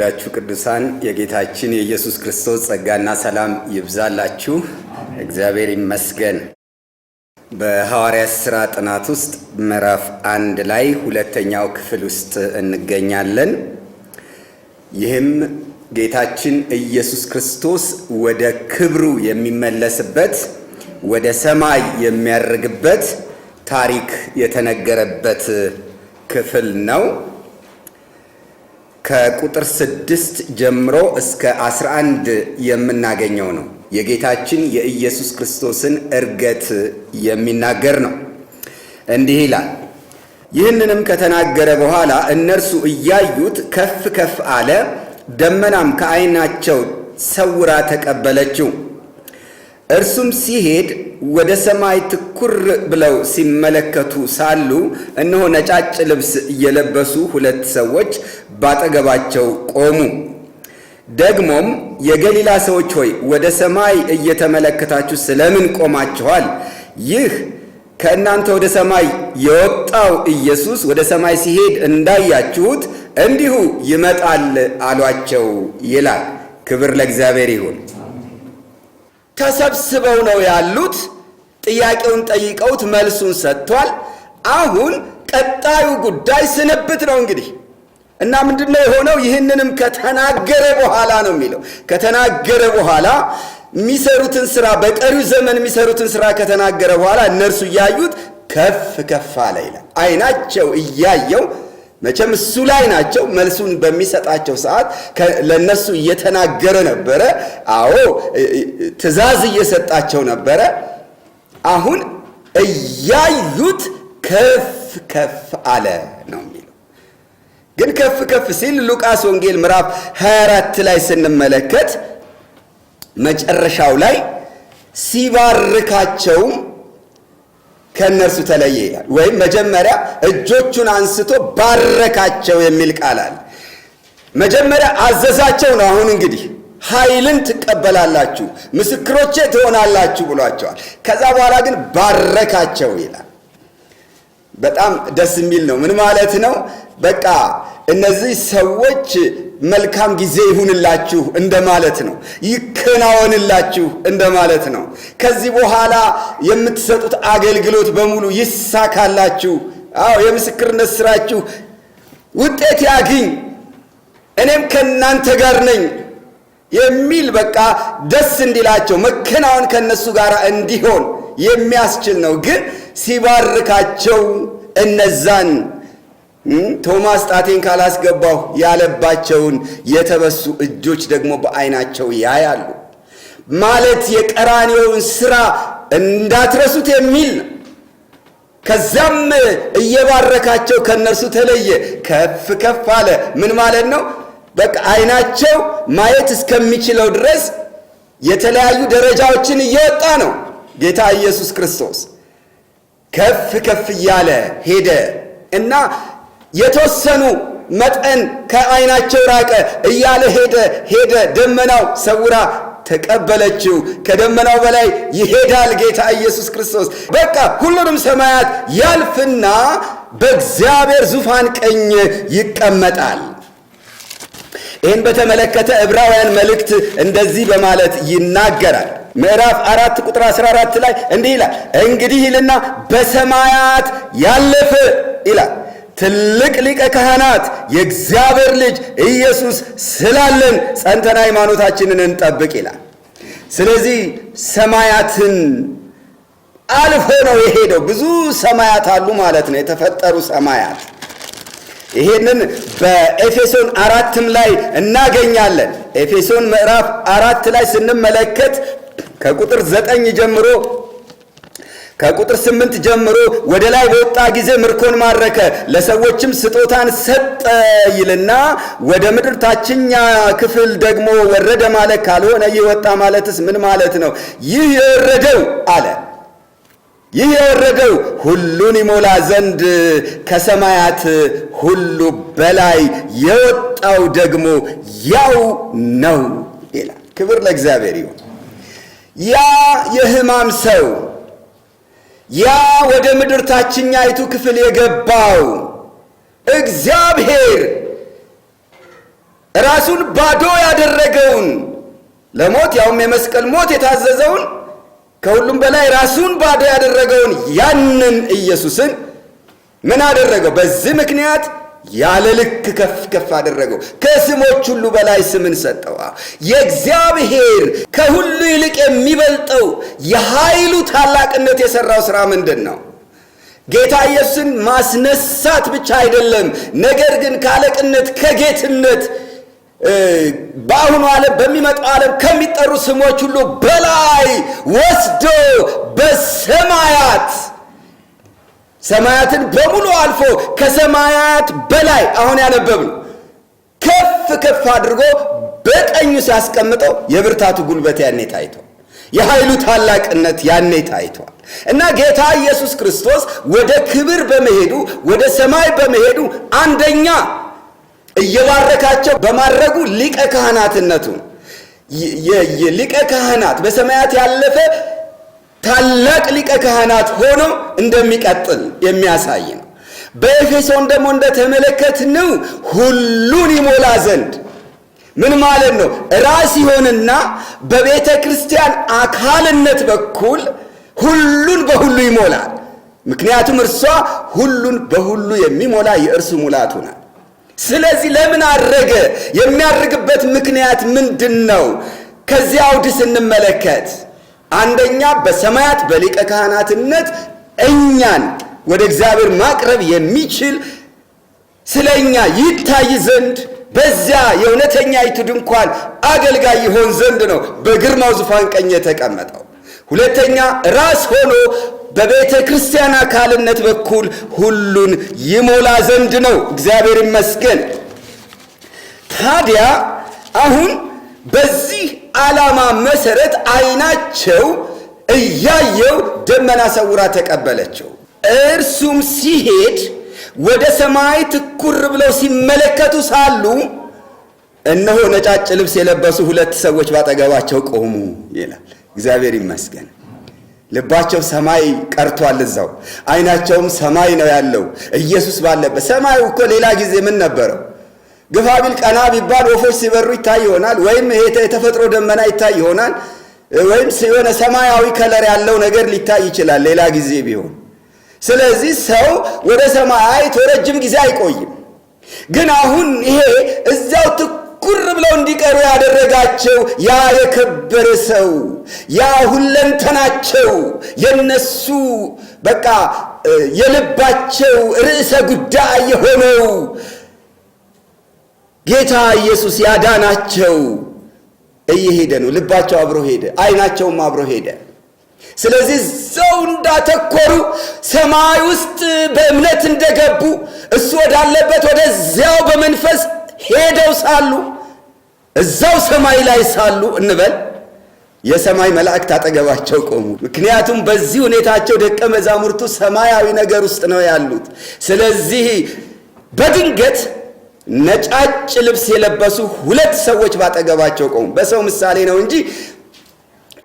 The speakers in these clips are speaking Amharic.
የተወደዳችሁ ቅዱሳን የጌታችን የኢየሱስ ክርስቶስ ጸጋና ሰላም ይብዛላችሁ። እግዚአብሔር ይመስገን። በሐዋርያት ሥራ ጥናት ውስጥ ምዕራፍ አንድ ላይ ሁለተኛው ክፍል ውስጥ እንገኛለን። ይህም ጌታችን ኢየሱስ ክርስቶስ ወደ ክብሩ የሚመለስበት ወደ ሰማይ የሚያርግበት ታሪክ የተነገረበት ክፍል ነው። ከቁጥር ስድስት ጀምሮ እስከ አስራ አንድ የምናገኘው ነው። የጌታችን የኢየሱስ ክርስቶስን እርገት የሚናገር ነው። እንዲህ ይላል። ይህንንም ከተናገረ በኋላ እነርሱ እያዩት ከፍ ከፍ አለ፣ ደመናም ከዓይናቸው ሰውራ ተቀበለችው። እርሱም ሲሄድ ወደ ሰማይ ትኩር ብለው ሲመለከቱ ሳሉ እነሆ ነጫጭ ልብስ እየለበሱ ሁለት ሰዎች ባጠገባቸው ቆሙ። ደግሞም የገሊላ ሰዎች ሆይ ወደ ሰማይ እየተመለከታችሁ ስለምን ቆማችኋል? ይህ ከእናንተ ወደ ሰማይ የወጣው ኢየሱስ ወደ ሰማይ ሲሄድ እንዳያችሁት እንዲሁ ይመጣል አሏቸው ይላል። ክብር ለእግዚአብሔር ይሁን። ተሰብስበው ነው ያሉት። ጥያቄውን ጠይቀውት መልሱን ሰጥቷል። አሁን ቀጣዩ ጉዳይ ስንብት ነው እንግዲህ እና ምንድነው የሆነው? ይህንንም ከተናገረ በኋላ ነው የሚለው። ከተናገረ በኋላ የሚሰሩትን ስራ በቀሪው ዘመን የሚሰሩትን ስራ ከተናገረ በኋላ እነርሱ እያዩት ከፍ ከፍ አለ ይላል። አይናቸው እያየው መቼም እሱ ላይ ናቸው። መልሱን በሚሰጣቸው ሰዓት ለእነሱ እየተናገረ ነበረ። አዎ ትእዛዝ እየሰጣቸው ነበረ። አሁን እያዩት ከፍ ከፍ አለ ነው የሚለው። ግን ከፍ ከፍ ሲል ሉቃስ ወንጌል ምዕራፍ 24 ላይ ስንመለከት መጨረሻው ላይ ሲባርካቸውም ከእነርሱ ተለየ ይላል። ወይም መጀመሪያ እጆቹን አንስቶ ባረካቸው የሚል ቃል አለ። መጀመሪያ አዘዛቸው ነው። አሁን እንግዲህ ኃይልን ትቀበላላችሁ፣ ምስክሮቼ ትሆናላችሁ ብሏቸዋል። ከዛ በኋላ ግን ባረካቸው ይላል። በጣም ደስ የሚል ነው። ምን ማለት ነው? በቃ እነዚህ ሰዎች መልካም ጊዜ ይሁንላችሁ እንደማለት ነው። ይከናወንላችሁ እንደማለት ነው። ከዚህ በኋላ የምትሰጡት አገልግሎት በሙሉ ይሳካላችሁ። አዎ የምስክርነት ስራችሁ ውጤት ያግኝ፣ እኔም ከእናንተ ጋር ነኝ የሚል በቃ ደስ እንዲላቸው መከናወን ከእነሱ ጋር እንዲሆን የሚያስችል ነው። ግን ሲባርካቸው እነዛን ቶማስ ጣቴን ካላስገባሁ ያለባቸውን የተበሱ እጆች ደግሞ በአይናቸው ያያሉ ማለት የቀራኔውን ስራ እንዳትረሱት የሚል ነው። ከዛም እየባረካቸው ከእነርሱ ተለየ፣ ከፍ ከፍ አለ። ምን ማለት ነው? በቃ አይናቸው ማየት እስከሚችለው ድረስ የተለያዩ ደረጃዎችን እየወጣ ነው ጌታ ኢየሱስ ክርስቶስ ከፍ ከፍ እያለ ሄደ እና የተወሰኑ መጠን ከዓይናቸው ራቀ እያለ ሄደ ሄደ። ደመናው ሰውራ ተቀበለችው። ከደመናው በላይ ይሄዳል ጌታ ኢየሱስ ክርስቶስ። በቃ ሁሉንም ሰማያት ያልፍና በእግዚአብሔር ዙፋን ቀኝ ይቀመጣል። ይህን በተመለከተ ዕብራውያን መልእክት እንደዚህ በማለት ይናገራል። ምዕራፍ አራት ቁጥር 14 ላይ እንዲህ ይላል፣ እንግዲህ ይልና በሰማያት ያለፈ ይላል ትልቅ ሊቀ ካህናት የእግዚአብሔር ልጅ ኢየሱስ ስላለን ጸንተን ሃይማኖታችንን እንጠብቅ ይላል። ስለዚህ ሰማያትን አልፎ ነው የሄደው። ብዙ ሰማያት አሉ ማለት ነው፣ የተፈጠሩ ሰማያት። ይሄንን በኤፌሶን አራትም ላይ እናገኛለን። ኤፌሶን ምዕራፍ አራት ላይ ስንመለከት ከቁጥር ዘጠኝ ጀምሮ ከቁጥር ስምንት ጀምሮ ወደ ላይ በወጣ ጊዜ ምርኮን ማረከ ለሰዎችም ስጦታን ሰጠ ይልና ወደ ምድር ታችኛ ክፍል ደግሞ ወረደ ማለት ካልሆነ ይህ ወጣ ማለትስ ምን ማለት ነው? ይህ የወረደው አለ ይህ የወረደው ሁሉን ይሞላ ዘንድ ከሰማያት ሁሉ በላይ የወጣው ደግሞ ያው ነው ይላል። ክብር ለእግዚአብሔር ይሁን። ያ የሕማም ሰው ያ ወደ ምድር ታችኛይቱ ክፍል የገባው እግዚአብሔር ራሱን ባዶ ያደረገውን ለሞት ያውም የመስቀል ሞት የታዘዘውን ከሁሉም በላይ ራሱን ባዶ ያደረገውን ያንን ኢየሱስን ምን አደረገው? በዚህ ምክንያት ያለ ልክ ከፍ ከፍ አደረገው። ከስሞች ሁሉ በላይ ስምን ሰጠው። የእግዚአብሔር ከሁሉ ይልቅ የሚበልጠው የኃይሉ ታላቅነት የሠራው ሥራ ምንድን ነው? ጌታ ኢየሱስን ማስነሳት ብቻ አይደለም፣ ነገር ግን ካለቅነት ከጌትነት በአሁኑ ዓለም በሚመጣው ዓለም ከሚጠሩ ስሞች ሁሉ በላይ ወስዶ በሰማያት ሰማያትን በሙሉ አልፎ ከሰማያት በላይ አሁን ያነበብን ከፍ ከፍ አድርጎ በቀኙ ሲያስቀምጠው የብርታቱ ጉልበት ያኔ ታይቷል። የኃይሉ ታላቅነት ያኔ ታይቷል። እና ጌታ ኢየሱስ ክርስቶስ ወደ ክብር በመሄዱ ወደ ሰማይ በመሄዱ አንደኛ እየባረካቸው በማድረጉ ሊቀ ካህናትነቱ ሊቀ ካህናት በሰማያት ያለፈ ታላቅ ሊቀ ካህናት ሆኖ እንደሚቀጥል የሚያሳይ ነው። በኤፌሶን ደግሞ እንደተመለከትነው ሁሉን ይሞላ ዘንድ ምን ማለት ነው? ራስ ይሆንና በቤተ ክርስቲያን አካልነት በኩል ሁሉን በሁሉ ይሞላል። ምክንያቱም እርሷ ሁሉን በሁሉ የሚሞላ የእርሱ ሙላቱ ናት። ስለዚህ ለምን አረገ? የሚያርግበት ምክንያት ምንድን ነው? ከዚያ አውድ ስንመለከት አንደኛ በሰማያት በሊቀ ካህናትነት እኛን ወደ እግዚአብሔር ማቅረብ የሚችል ስለ እኛ ይታይ ዘንድ በዚያ ይቱ ድንኳን አገልጋይ ይሆን ዘንድ ነው በግርማው ዙፋን ቀኝ የተቀመጠው። ሁለተኛ ራስ ሆኖ በቤተ ክርስቲያን አካልነት በኩል ሁሉን ይሞላ ዘንድ ነው። እግዚአብሔር ይመስገን። ታዲያ አሁን በዚህ ዓላማ መሰረት አይናቸው እያየው ደመና ሰውራ ተቀበለችው። እርሱም ሲሄድ ወደ ሰማይ ትኩር ብለው ሲመለከቱ ሳሉ እነሆ ነጫጭ ልብስ የለበሱ ሁለት ሰዎች ባጠገባቸው ቆሙ ይላል። እግዚአብሔር ይመስገን። ልባቸው ሰማይ ቀርቷል፣ እዛው አይናቸውም ሰማይ ነው ያለው። ኢየሱስ ባለበት ሰማዩ እኮ ሌላ ጊዜ ምን ነበረው? ግፋ ቢል ቀና ቢባል ወፎች ሲበሩ ይታይ ይሆናል። ወይም ይሄ የተፈጥሮ ደመና ይታይ ይሆናል። ወይም የሆነ ሰማያዊ ከለር ያለው ነገር ሊታይ ይችላል ሌላ ጊዜ ቢሆን። ስለዚህ ሰው ወደ ሰማይ አይቶ ረጅም ጊዜ አይቆይም። ግን አሁን ይሄ እዚያው ትኩር ብለው እንዲቀሩ ያደረጋቸው ያ የከበረ ሰው ያ ሁለንተናቸው የነሱ በቃ የልባቸው ርዕሰ ጉዳይ የሆነው ጌታ ኢየሱስ ያዳናቸው እየሄደ ነው። ልባቸው አብሮ ሄደ፣ አይናቸውም አብሮ ሄደ። ስለዚህ እዛው እንዳተኮሩ ሰማይ ውስጥ በእምነት እንደገቡ እሱ ወዳለበት ወደዚያው በመንፈስ ሄደው ሳሉ እዛው ሰማይ ላይ ሳሉ እንበል የሰማይ መላእክት አጠገባቸው ቆሙ። ምክንያቱም በዚህ ሁኔታቸው ደቀ መዛሙርቱ ሰማያዊ ነገር ውስጥ ነው ያሉት። ስለዚህ በድንገት ነጫጭ ልብስ የለበሱ ሁለት ሰዎች ባጠገባቸው ቆሙ። በሰው ምሳሌ ነው እንጂ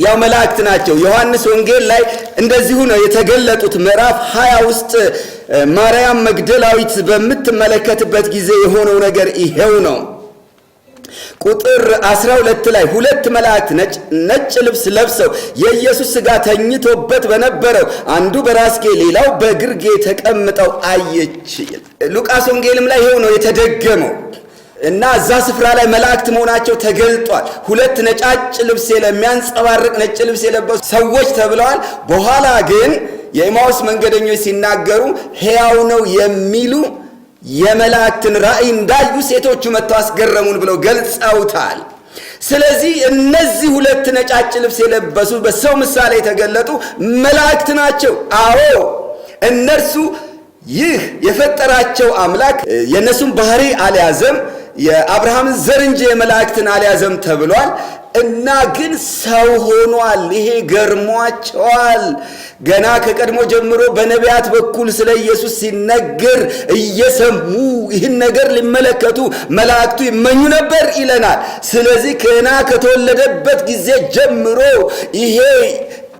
ያው መላእክት ናቸው። ዮሐንስ ወንጌል ላይ እንደዚሁ ነው የተገለጡት። ምዕራፍ ሀያ ውስጥ ማርያም መግደላዊት በምትመለከትበት ጊዜ የሆነው ነገር ይሄው ነው። ቁጥር 12 ላይ ሁለት መላእክት ነጭ ልብስ ለብሰው የኢየሱስ ስጋ ተኝቶበት በነበረው አንዱ በራስጌ ሌላው በግርጌ ተቀምጠው አየች። ሉቃስ ወንጌልም ላይ ይሄው ነው የተደገመው እና እዛ ስፍራ ላይ መላእክት መሆናቸው ተገልጧል። ሁለት ነጫጭ ልብስ የሚያንጸባርቅ ነጭ ልብስ የለበሱ ሰዎች ተብለዋል። በኋላ ግን የኢማውስ መንገደኞች ሲናገሩ ሕያው ነው የሚሉ የመላእክትን ራእይ እንዳዩ ሴቶቹ መጥተው አስገረሙን ብለው ገልጸውታል። ስለዚህ እነዚህ ሁለት ነጫጭ ልብስ የለበሱ በሰው ምሳሌ የተገለጡ መላእክት ናቸው። አዎ እነርሱ ይህ የፈጠራቸው አምላክ የእነሱን ባህሪ አልያዘም። የአብርሃምን ዘር እንጂ የመላእክትን አልያዘም ተብሏል። እና ግን ሰው ሆኗል። ይሄ ገርሟቸዋል። ገና ከቀድሞ ጀምሮ በነቢያት በኩል ስለ ኢየሱስ ሲነገር እየሰሙ ይህን ነገር ሊመለከቱ መላእክቱ ይመኙ ነበር ይለናል። ስለዚህ ገና ከተወለደበት ጊዜ ጀምሮ ይሄ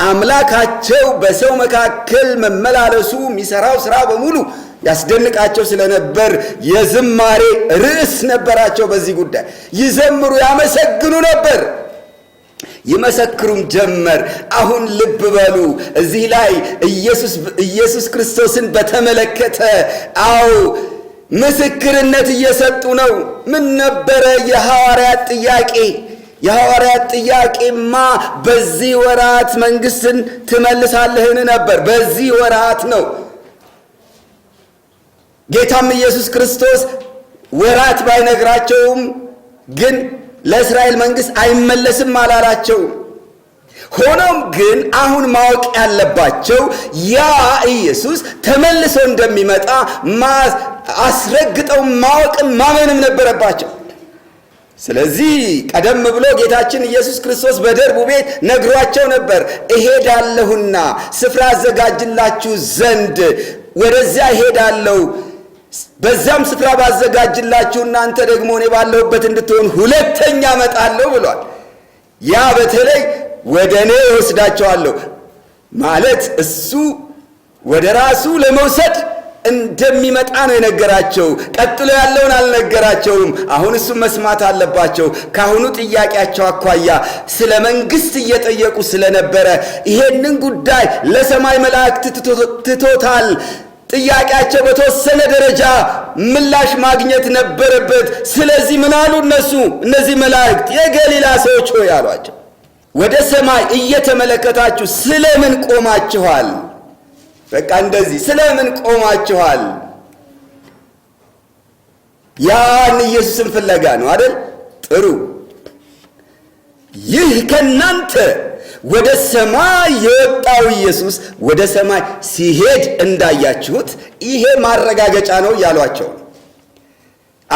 አምላካቸው በሰው መካከል መመላለሱ የሚሰራው ስራ በሙሉ ያስደንቃቸው ስለነበር የዝማሬ ርዕስ ነበራቸው። በዚህ ጉዳይ ይዘምሩ፣ ያመሰግኑ ነበር። ይመሰክሩም ጀመር። አሁን ልብ በሉ እዚህ ላይ ኢየሱስ ክርስቶስን በተመለከተ አዎ ምስክርነት እየሰጡ ነው። ምን ነበረ የሐዋርያት ጥያቄ? የሐዋርያት ጥያቄማ በዚህ ወራት መንግሥትን ትመልሳለህን ነበር። በዚህ ወራት ነው ጌታም ኢየሱስ ክርስቶስ ወራት ባይነግራቸውም ግን ለእስራኤል መንግስት አይመለስም አላላቸው ሆኖም ግን አሁን ማወቅ ያለባቸው ያ ኢየሱስ ተመልሶ እንደሚመጣ አስረግጠው ማወቅን ማመንም ነበረባቸው። ስለዚህ ቀደም ብሎ ጌታችን ኢየሱስ ክርስቶስ በደርቡ ቤት ነግሯቸው ነበር። እሄዳለሁና ስፍራ አዘጋጅላችሁ ዘንድ ወደዚያ እሄዳለሁ በዚያም ስፍራ ባዘጋጅላችሁ እናንተ ደግሞ እኔ ባለሁበት እንድትሆን ሁለተኛ እመጣለሁ ብሏል። ያ በተለይ ወደ እኔ እወስዳቸዋለሁ ማለት እሱ ወደ ራሱ ለመውሰድ እንደሚመጣ ነው የነገራቸው። ቀጥሎ ያለውን አልነገራቸውም። አሁን እሱ መስማት አለባቸው። ከአሁኑ ጥያቄያቸው አኳያ ስለ መንግስት እየጠየቁ ስለነበረ ይሄንን ጉዳይ ለሰማይ መላእክት ትቶታል ጥያቄያቸው በተወሰነ ደረጃ ምላሽ ማግኘት ነበረበት። ስለዚህ ምን አሉ እነሱ እነዚህ መላእክት የገሊላ ሰዎች ሆይ አሏቸው፣ ወደ ሰማይ እየተመለከታችሁ ስለምን ቆማችኋል? በቃ እንደዚህ ስለምን ቆማችኋል? ያን ኢየሱስን ፍለጋ ነው አይደል? ጥሩ ይህ ከእናንተ ወደ ሰማይ የወጣው ኢየሱስ ወደ ሰማይ ሲሄድ እንዳያችሁት፣ ይሄ ማረጋገጫ ነው ያሏቸው።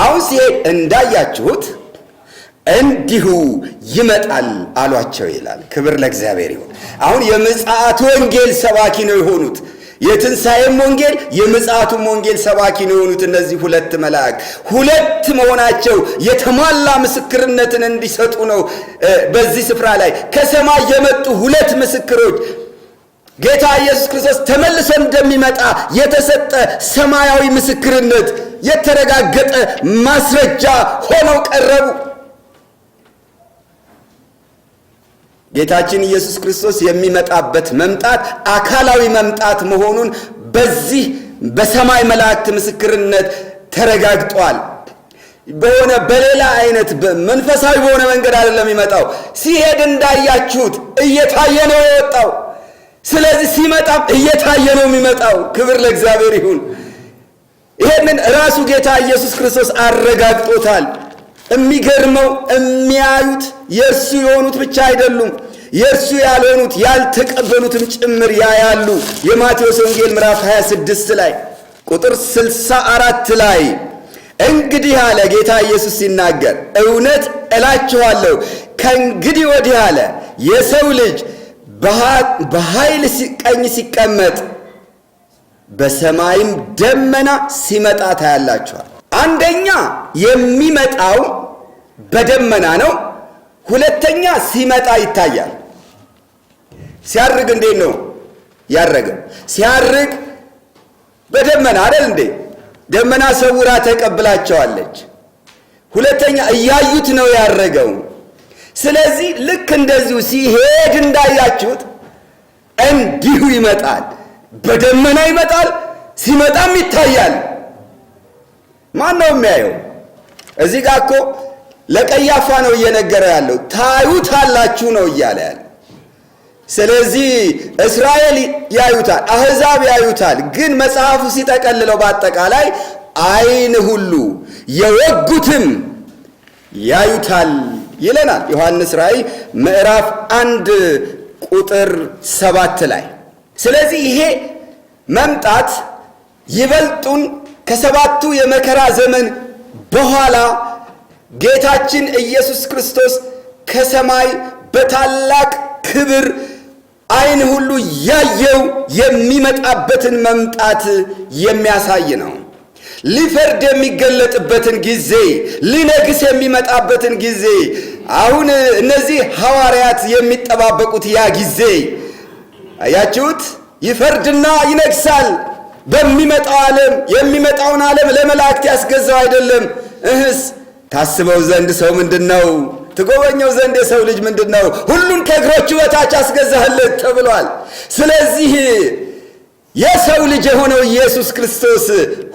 አሁን ሲሄድ እንዳያችሁት እንዲሁ ይመጣል አሏቸው ይላል። ክብር ለእግዚአብሔር ይሁን። አሁን የምጽአት ወንጌል ሰባኪ ነው የሆኑት። የትንሣኤም ወንጌል የምጽአቱም ወንጌል ነው የሆኑት እነዚህ ሁለት መላእክ ሁለት መሆናቸው የተሟላ ምስክርነትን እንዲሰጡ ነው። በዚህ ስፍራ ላይ ከሰማይ የመጡ ሁለት ምስክሮች ጌታ ኢየሱስ ክርስቶስ ተመልሶ እንደሚመጣ የተሰጠ ሰማያዊ ምስክርነት የተረጋገጠ ማስረጃ ሆነው ቀረቡ። ጌታችን ኢየሱስ ክርስቶስ የሚመጣበት መምጣት አካላዊ መምጣት መሆኑን በዚህ በሰማይ መላእክት ምስክርነት ተረጋግጧል። በሆነ በሌላ አይነት መንፈሳዊ በሆነ መንገድ አይደለም የሚመጣው። ሲሄድ እንዳያችሁት እየታየ ነው የወጣው። ስለዚህ ሲመጣም እየታየ ነው የሚመጣው። ክብር ለእግዚአብሔር ይሁን። ይህንን ራሱ ጌታ ኢየሱስ ክርስቶስ አረጋግጦታል። የሚገርመው የሚያዩት የእርሱ የሆኑት ብቻ አይደሉም፣ የእርሱ ያልሆኑት ያልተቀበሉትም ጭምር ያያሉ። የማቴዎስ ወንጌል ምዕራፍ 26 ላይ ቁጥር 64 ላይ እንግዲህ አለ ጌታ ኢየሱስ ሲናገር፣ እውነት እላችኋለሁ ከእንግዲህ ወዲህ አለ የሰው ልጅ በኃይል ቀኝ ሲቀመጥ በሰማይም ደመና ሲመጣ ታያላችኋል። አንደኛ የሚመጣው በደመና ነው። ሁለተኛ ሲመጣ ይታያል። ሲያርግ እንዴት ነው ያረገው? ሲያርግ በደመና አይደል እንዴ? ደመና ሰውራ ተቀብላቸዋለች። ሁለተኛ እያዩት ነው ያረገው። ስለዚህ ልክ እንደዚሁ ሲሄድ እንዳያችሁት እንዲሁ ይመጣል። በደመና ይመጣል፣ ሲመጣም ይታያል። ማን ነው የሚያየው? እዚህ ጋር እኮ ለቀያፋ ነው እየነገረ ያለው። ታዩታላችሁ ነው እያለ ያለ። ስለዚህ እስራኤል ያዩታል፣ አህዛብ ያዩታል። ግን መጽሐፉ ሲጠቀልለው በአጠቃላይ አይን ሁሉ የወጉትም ያዩታል ይለናል። ዮሐንስ ራእይ ምዕራፍ አንድ ቁጥር ሰባት ላይ ስለዚህ ይሄ መምጣት ይበልጡን ከሰባቱ የመከራ ዘመን በኋላ ጌታችን ኢየሱስ ክርስቶስ ከሰማይ በታላቅ ክብር ዓይን ሁሉ ያየው የሚመጣበትን መምጣት የሚያሳይ ነው። ሊፈርድ የሚገለጥበትን ጊዜ፣ ሊነግስ የሚመጣበትን ጊዜ አሁን እነዚህ ሐዋርያት የሚጠባበቁት ያ ጊዜ አያችሁት? ይፈርድና ይነግሳል በሚመጣው ዓለም የሚመጣውን ዓለም ለመላእክት ያስገዛው አይደለም እህስ ታስበው ዘንድ ሰው ምንድን ነው? ትጎበኘው ዘንድ የሰው ልጅ ምንድን ነው? ሁሉን ከእግሮቹ በታች አስገዛህለት ተብሏል። ስለዚህ የሰው ልጅ የሆነው ኢየሱስ ክርስቶስ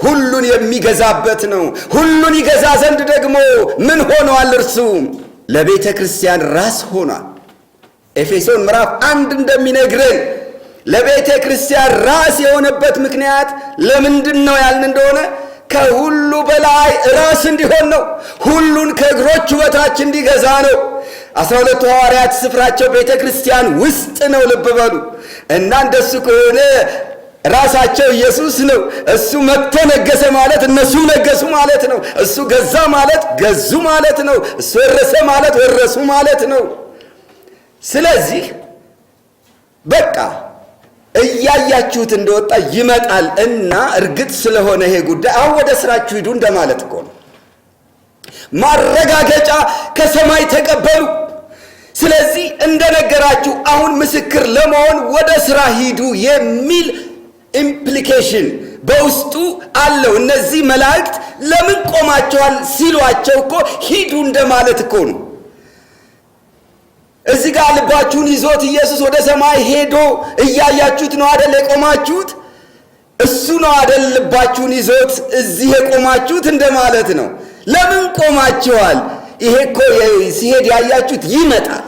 ሁሉን የሚገዛበት ነው። ሁሉን ይገዛ ዘንድ ደግሞ ምን ሆኗል? እርሱ ለቤተ ክርስቲያን ራስ ሆኗል። ኤፌሶን ምዕራፍ አንድ እንደሚነግረን ለቤተ ክርስቲያን ራስ የሆነበት ምክንያት ለምንድን ነው ያልን እንደሆነ ከሁሉ በላይ ራስ እንዲሆን ነው። ሁሉን ከእግሮቹ በታች እንዲገዛ ነው። አስራ ሁለቱ ሐዋርያት ስፍራቸው ቤተ ክርስቲያን ውስጥ ነው። ልብ በሉ እና እንደሱ ከሆነ ራሳቸው ኢየሱስ ነው። እሱ መጥቶ ነገሰ ማለት እነሱ ነገሱ ማለት ነው። እሱ ገዛ ማለት ገዙ ማለት ነው። እሱ ወረሰ ማለት ወረሱ ማለት ነው። ስለዚህ በቃ እያያችሁት እንደወጣ ይመጣል እና እርግጥ ስለሆነ ይሄ ጉዳይ አሁን ወደ ስራችሁ ሂዱ እንደማለት እኮ ነው። ማረጋገጫ ከሰማይ ተቀበሉ። ስለዚህ እንደነገራችሁ አሁን ምስክር ለመሆን ወደ ስራ ሂዱ የሚል ኢምፕሊኬሽን በውስጡ አለው። እነዚህ መላእክት ለምን ቆማቸዋል ሲሏቸው እኮ ሂዱ እንደማለት እኮ ነው። እዚህ ጋር ልባችሁን ይዞት ኢየሱስ ወደ ሰማይ ሄዶ እያያችሁት ነው አደል የቆማችሁት? እሱ ነው አደል ልባችሁን ይዞት እዚህ የቆማችሁት እንደማለት ነው። ለምን ቆማችኋል? ይሄ እኮ ሲሄድ ያያችሁት ይመጣል።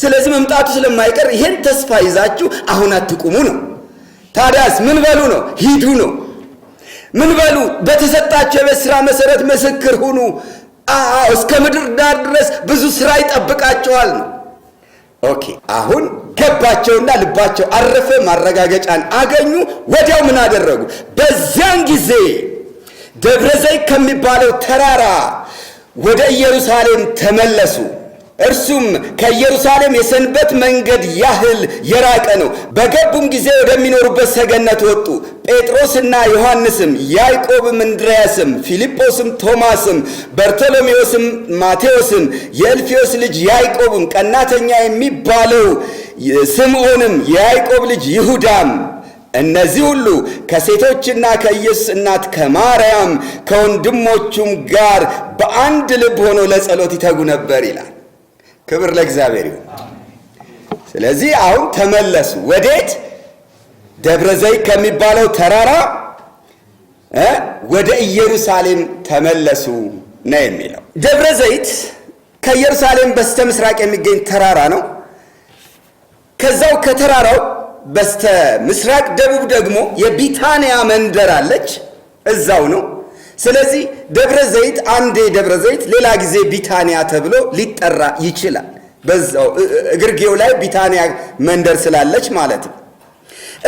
ስለዚህ መምጣቱ ስለማይቀር ይሄን ተስፋ ይዛችሁ አሁን አትቁሙ ነው። ታዲያስ ምን በሉ ነው? ሂዱ ነው። ምን በሉ? በተሰጣቸው የቤት ስራ መሰረት ምስክር ሁኑ። እስከ ምድር ዳር ድረስ ብዙ ስራ ይጠብቃቸዋል? ነው። ኦኬ አሁን ገባቸውና ልባቸው አረፈ፣ ማረጋገጫን አገኙ። ወዲያው ምን አደረጉ? በዚያን ጊዜ ደብረ ዘይት ከሚባለው ተራራ ወደ ኢየሩሳሌም ተመለሱ። እርሱም ከኢየሩሳሌም የሰንበት መንገድ ያህል የራቀ ነው። በገቡም ጊዜ ወደሚኖሩበት ሰገነት ወጡ። ጴጥሮስና ዮሐንስም፣ ያዕቆብም፣ እንድርያስም፣ ፊልጶስም፣ ቶማስም፣ በርቶሎሜዎስም፣ ማቴዎስም፣ የእልፌዎስ ልጅ ያዕቆብም፣ ቀናተኛ የሚባለው ስምዖንም፣ የያዕቆብ ልጅ ይሁዳም እነዚህ ሁሉ ከሴቶችና ከኢየሱስ እናት ከማርያም ከወንድሞቹም ጋር በአንድ ልብ ሆኖ ለጸሎት ይተጉ ነበር ይላል። ክብር ለእግዚአብሔር ይሁን። ስለዚህ አሁን ተመለሱ። ወዴት? ደብረ ዘይት ከሚባለው ተራራ ወደ ኢየሩሳሌም ተመለሱ ነው የሚለው። ደብረ ዘይት ከኢየሩሳሌም በስተ ምስራቅ የሚገኝ ተራራ ነው። ከዛው ከተራራው በስተ ምስራቅ ደቡብ ደግሞ የቢታንያ መንደር አለች፣ እዛው ነው። ስለዚህ ደብረ ዘይት አንዴ ደብረ ዘይት ሌላ ጊዜ ቢታንያ ተብሎ ሊጠራ ይችላል። በዛው እግርጌው ላይ ቢታንያ መንደር ስላለች ማለት ነው።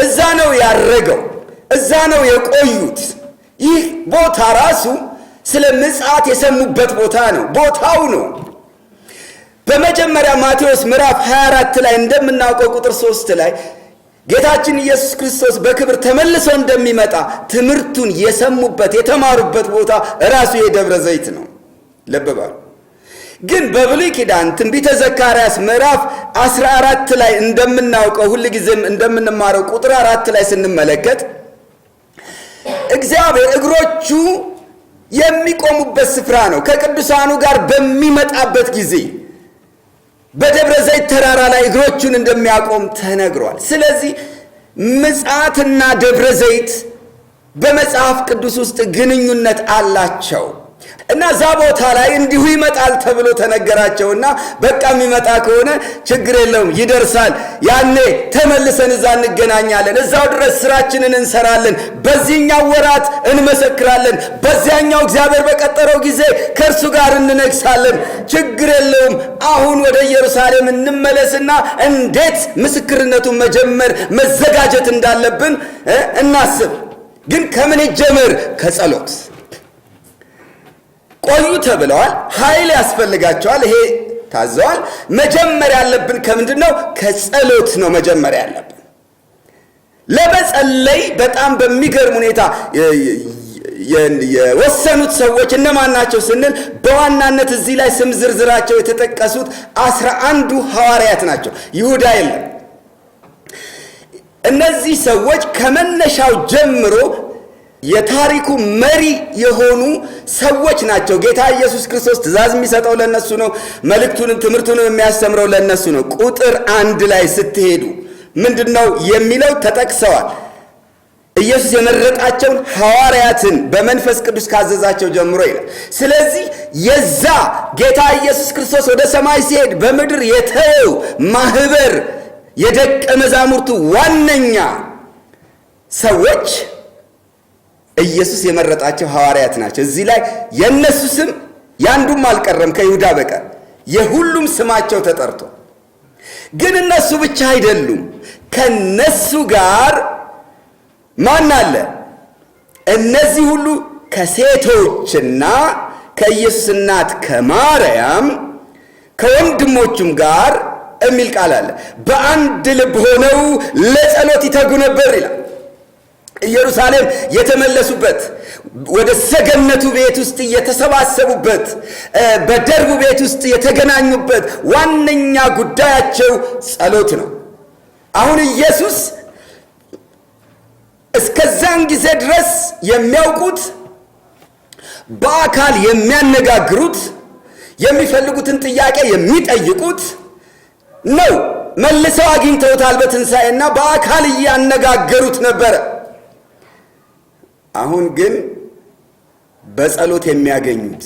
እዛ ነው ያረገው፣ እዛ ነው የቆዩት። ይህ ቦታ ራሱ ስለ ምጽአት የሰሙበት ቦታ ነው፣ ቦታው ነው። በመጀመሪያ ማቴዎስ ምዕራፍ 24 ላይ እንደምናውቀው ቁጥር 3 ላይ ጌታችን ኢየሱስ ክርስቶስ በክብር ተመልሶ እንደሚመጣ ትምህርቱን የሰሙበት የተማሩበት ቦታ ራሱ የደብረ ዘይት ነው። ለበባሉ ግን በብሉይ ኪዳን ትንቢተ ዘካርያስ ምዕራፍ 14 ላይ እንደምናውቀው ጊዜም እንደምንማረው ቁጥር አራት ላይ ስንመለከት እግዚአብሔር እግሮቹ የሚቆሙበት ስፍራ ነው ከቅዱሳኑ ጋር በሚመጣበት ጊዜ በደብረ ዘይት ተራራ ላይ እግሮቹን እንደሚያቆም ተነግሯል። ስለዚህ ምጽአትና ደብረ ዘይት በመጽሐፍ ቅዱስ ውስጥ ግንኙነት አላቸው። እና እዛ ቦታ ላይ እንዲሁ ይመጣል ተብሎ ተነገራቸውና በቃ የሚመጣ ከሆነ ችግር የለውም ይደርሳል። ያኔ ተመልሰን እዛ እንገናኛለን። እዛው ድረስ ስራችንን እንሰራለን። በዚህኛው ወራት እንመሰክራለን። በዚያኛው እግዚአብሔር በቀጠረው ጊዜ ከእርሱ ጋር እንነግሳለን። ችግር የለውም። አሁን ወደ ኢየሩሳሌም እንመለስና እንዴት ምስክርነቱን መጀመር መዘጋጀት እንዳለብን እናስብ። ግን ከምን ይጀምር? ከጸሎት ቆዩ ተብለዋል። ኃይል ያስፈልጋቸዋል። ይሄ ታዘዋል። መጀመር ያለብን ከምንድን ነው? ከጸሎት ነው መጀመር ያለብን። ለመጸለይ በጣም በሚገርም ሁኔታ የወሰኑት ሰዎች እነማን ናቸው ስንል በዋናነት እዚህ ላይ ስም ዝርዝራቸው የተጠቀሱት አስራ አንዱ ሐዋርያት ናቸው። ይሁዳ የለም። እነዚህ ሰዎች ከመነሻው ጀምሮ የታሪኩ መሪ የሆኑ ሰዎች ናቸው። ጌታ ኢየሱስ ክርስቶስ ትእዛዝ የሚሰጠው ለነሱ ነው። መልእክቱንም ትምህርቱንም የሚያስተምረው ለነሱ ነው። ቁጥር አንድ ላይ ስትሄዱ ምንድን ነው የሚለው ተጠቅሰዋል። ኢየሱስ የመረጣቸውን ሐዋርያትን በመንፈስ ቅዱስ ካዘዛቸው ጀምሮ ይላል። ስለዚህ የዛ ጌታ ኢየሱስ ክርስቶስ ወደ ሰማይ ሲሄድ በምድር የተው ማህበር የደቀ መዛሙርቱ ዋነኛ ሰዎች ኢየሱስ የመረጣቸው ሐዋርያት ናቸው። እዚህ ላይ የእነሱ ስም ያንዱም አልቀረም ከይሁዳ በቀር የሁሉም ስማቸው ተጠርቶ፣ ግን እነሱ ብቻ አይደሉም። ከነሱ ጋር ማን አለ? እነዚህ ሁሉ ከሴቶችና ከኢየሱስ እናት ከማርያም ከወንድሞቹም ጋር የሚል ቃል አለ። በአንድ ልብ ሆነው ለጸሎት ይተጉ ነበር ይላል። ኢየሩሳሌም የተመለሱበት ወደ ሰገነቱ ቤት ውስጥ የተሰባሰቡበት በደርቡ ቤት ውስጥ የተገናኙበት ዋነኛ ጉዳያቸው ጸሎት ነው። አሁን ኢየሱስ እስከዛን ጊዜ ድረስ የሚያውቁት በአካል የሚያነጋግሩት የሚፈልጉትን ጥያቄ የሚጠይቁት ነው። መልሰው አግኝተውታል። በትንሣኤና በአካል እያነጋገሩት ነበረ። አሁን ግን በጸሎት የሚያገኙት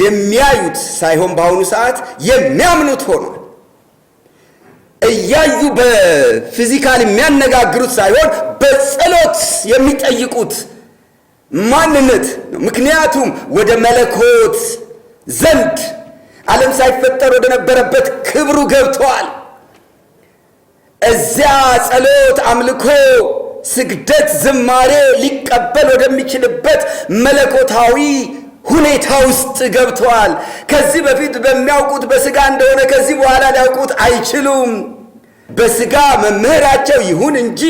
የሚያዩት ሳይሆን በአሁኑ ሰዓት የሚያምኑት ሆኗል። እያዩ በፊዚካል የሚያነጋግሩት ሳይሆን በጸሎት የሚጠይቁት ማንነት ነው። ምክንያቱም ወደ መለኮት ዘንድ ዓለም ሳይፈጠር ወደ ነበረበት ክብሩ ገብተዋል። እዚያ ጸሎት አምልኮ ስግደት፣ ዝማሬ ሊቀበል ወደሚችልበት መለኮታዊ ሁኔታ ውስጥ ገብተዋል። ከዚህ በፊት በሚያውቁት በስጋ እንደሆነ ከዚህ በኋላ ሊያውቁት አይችሉም። በስጋ መምህራቸው ይሁን እንጂ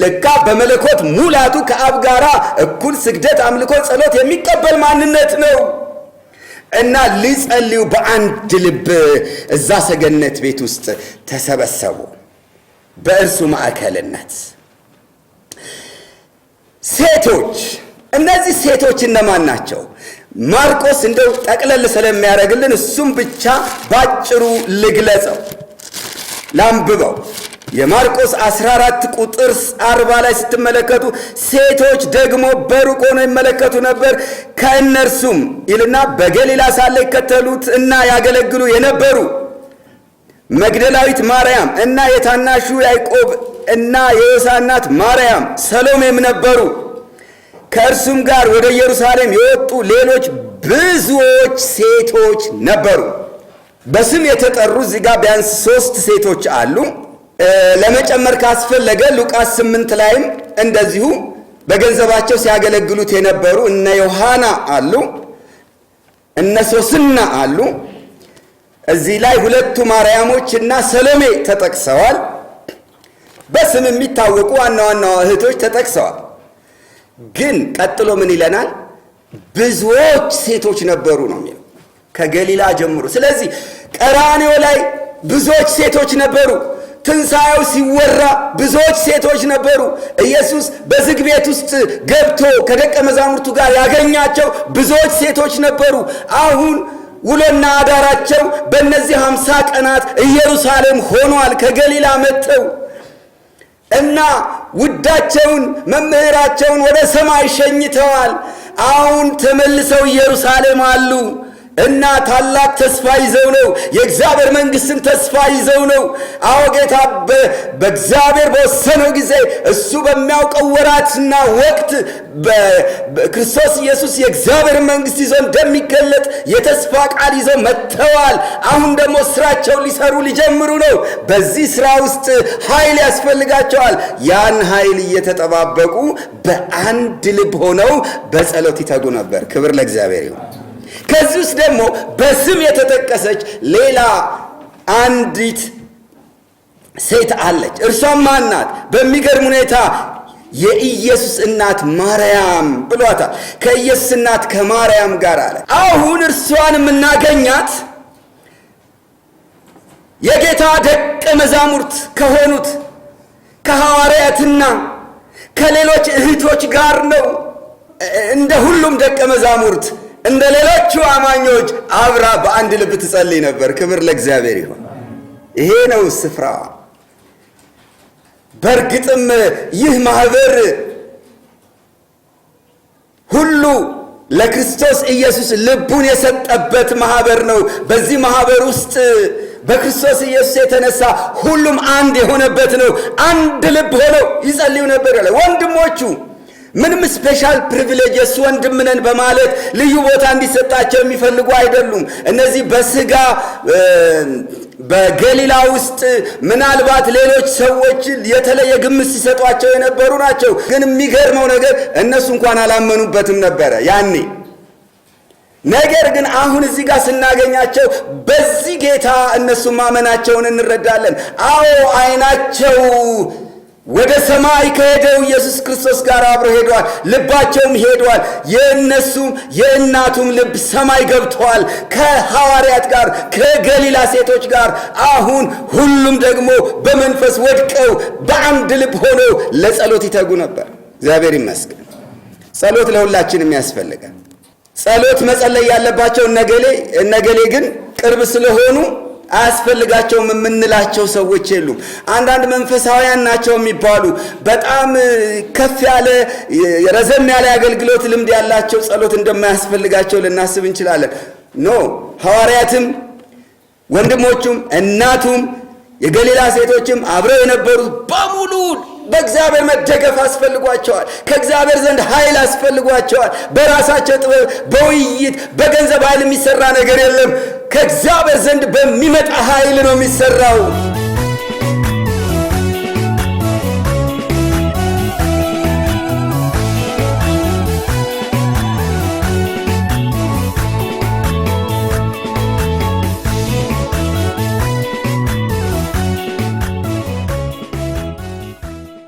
ለካ በመለኮት ሙላቱ ከአብ ጋር እኩል ስግደት፣ አምልኮ፣ ጸሎት የሚቀበል ማንነት ነው እና ሊጸልዩ በአንድ ልብ እዛ ሰገነት ቤት ውስጥ ተሰበሰቡ በእርሱ ማዕከልነት ሴቶች እነዚህ ሴቶች እነማን ናቸው? ማርቆስ እንደው ጠቅለል ስለሚያደርግልን እሱም ብቻ ባጭሩ ልግለጸው ላንብበው። የማርቆስ 14 ቁጥር 40 ላይ ስትመለከቱ ሴቶች ደግሞ በሩቅ ሆነው ይመለከቱ ነበር፣ ከእነርሱም ይልና በገሊላ ሳለ ይከተሉት እና ያገለግሉ የነበሩ መግደላዊት ማርያም እና የታናሹ ያዕቆብ እና የዮሳ እናት ማርያም ሰሎሜም ነበሩ። ከእርሱም ጋር ወደ ኢየሩሳሌም የወጡ ሌሎች ብዙዎች ሴቶች ነበሩ። በስም የተጠሩ እዚህ ጋር ቢያንስ ሶስት ሴቶች አሉ። ለመጨመር ካስፈለገ ሉቃስ ስምንት ላይም እንደዚሁ በገንዘባቸው ሲያገለግሉት የነበሩ እነ ዮሐና አሉ፣ እነ ሶስና አሉ። እዚህ ላይ ሁለቱ ማርያሞች እና ሰሎሜ ተጠቅሰዋል። በስም የሚታወቁ ዋና ዋና እህቶች ተጠቅሰዋል። ግን ቀጥሎ ምን ይለናል? ብዙዎች ሴቶች ነበሩ ነው የሚለው ከገሊላ ጀምሮ። ስለዚህ ቀራኔው ላይ ብዙዎች ሴቶች ነበሩ። ትንሣኤው ሲወራ ብዙዎች ሴቶች ነበሩ። ኢየሱስ በዝግ ቤት ውስጥ ገብቶ ከደቀ መዛሙርቱ ጋር ያገኛቸው ብዙዎች ሴቶች ነበሩ። አሁን ውሎና አዳራቸው በእነዚህ ሀምሳ ቀናት ኢየሩሳሌም ሆኗል። ከገሊላ መጥተው እና ውዳቸውን መምህራቸውን ወደ ሰማይ ሸኝተዋል። አሁን ተመልሰው ኢየሩሳሌም አሉ። እና ታላቅ ተስፋ ይዘው ነው የእግዚአብሔር መንግስትን ተስፋ ይዘው ነው። አዎ ጌታ በእግዚአብሔር በወሰነው ጊዜ እሱ በሚያውቀው ወራትና ወቅት በክርስቶስ ኢየሱስ የእግዚአብሔር መንግስት ይዞ እንደሚገለጥ የተስፋ ቃል ይዘው መጥተዋል። አሁን ደግሞ ስራቸውን ሊሰሩ ሊጀምሩ ነው። በዚህ ስራ ውስጥ ኃይል ያስፈልጋቸዋል። ያን ኃይል እየተጠባበቁ በአንድ ልብ ሆነው በጸሎት ይተጉ ነበር። ክብር ለእግዚአብሔር ይሁን። ከዚህ ውስጥ ደግሞ በስም የተጠቀሰች ሌላ አንዲት ሴት አለች። እርሷም ማናት በሚገርም ሁኔታ የኢየሱስ እናት ማርያም ብሏታል። ከኢየሱስ እናት ከማርያም ጋር አለ። አሁን እርሷን የምናገኛት የጌታ ደቀ መዛሙርት ከሆኑት ከሐዋርያትና ከሌሎች እህቶች ጋር ነው። እንደ ሁሉም ደቀ መዛሙርት እንደ ሌሎቹ አማኞች አብራ በአንድ ልብ ትጸልይ ነበር። ክብር ለእግዚአብሔር ይሁን። ይሄ ነው ስፍራ። በእርግጥም ይህ ማህበር ሁሉ ለክርስቶስ ኢየሱስ ልቡን የሰጠበት ማህበር ነው። በዚህ ማህበር ውስጥ በክርስቶስ ኢየሱስ የተነሳ ሁሉም አንድ የሆነበት ነው። አንድ ልብ ሆነው ይጸልዩ ነበር ያለ ወንድሞቹ ምንም ስፔሻል ወንድም ነን በማለት ልዩ ቦታ እንዲሰጣቸው የሚፈልጉ አይደሉም። እነዚህ በስጋ በገሊላ ውስጥ ምናልባት ሌሎች ሰዎች የተለየ ግምት ሲሰጧቸው የነበሩ ናቸው። ግን የሚገርመው ነገር እነሱ እንኳን አላመኑበትም ነበረ ያኔ። ነገር ግን አሁን እዚህ ጋር ስናገኛቸው በዚህ ጌታ እነሱ ማመናቸውን እንረዳለን። አዎ አይናቸው ወደ ሰማይ ከሄደው ኢየሱስ ክርስቶስ ጋር አብረው ሄደዋል። ልባቸውም ሄደዋል። የእነሱም የእናቱም ልብ ሰማይ ገብተዋል። ከሐዋርያት ጋር ከገሊላ ሴቶች ጋር አሁን ሁሉም ደግሞ በመንፈስ ወድቀው በአንድ ልብ ሆነው ለጸሎት ይተጉ ነበር። እግዚአብሔር ይመስገን። ጸሎት ለሁላችንም ያስፈልጋል። ጸሎት መጸለይ ያለባቸው እነገሌ እነገሌ ግን ቅርብ ስለሆኑ አያስፈልጋቸውም የምንላቸው ሰዎች የሉም። አንዳንድ መንፈሳውያን ናቸው የሚባሉ በጣም ከፍ ያለ ረዘም ያለ አገልግሎት ልምድ ያላቸው ጸሎት እንደማያስፈልጋቸው ልናስብ እንችላለን። ኖ ሐዋርያትም ወንድሞቹም እናቱም የገሊላ ሴቶችም አብረው የነበሩት በሙሉ በእግዚአብሔር መደገፍ አስፈልጓቸዋል። ከእግዚአብሔር ዘንድ ኃይል አስፈልጓቸዋል። በራሳቸው ጥበብ፣ በውይይት፣ በገንዘብ ኃይል የሚሰራ ነገር የለም። ከእግዚአብሔር ዘንድ በሚመጣ ኃይል ነው የሚሰራው።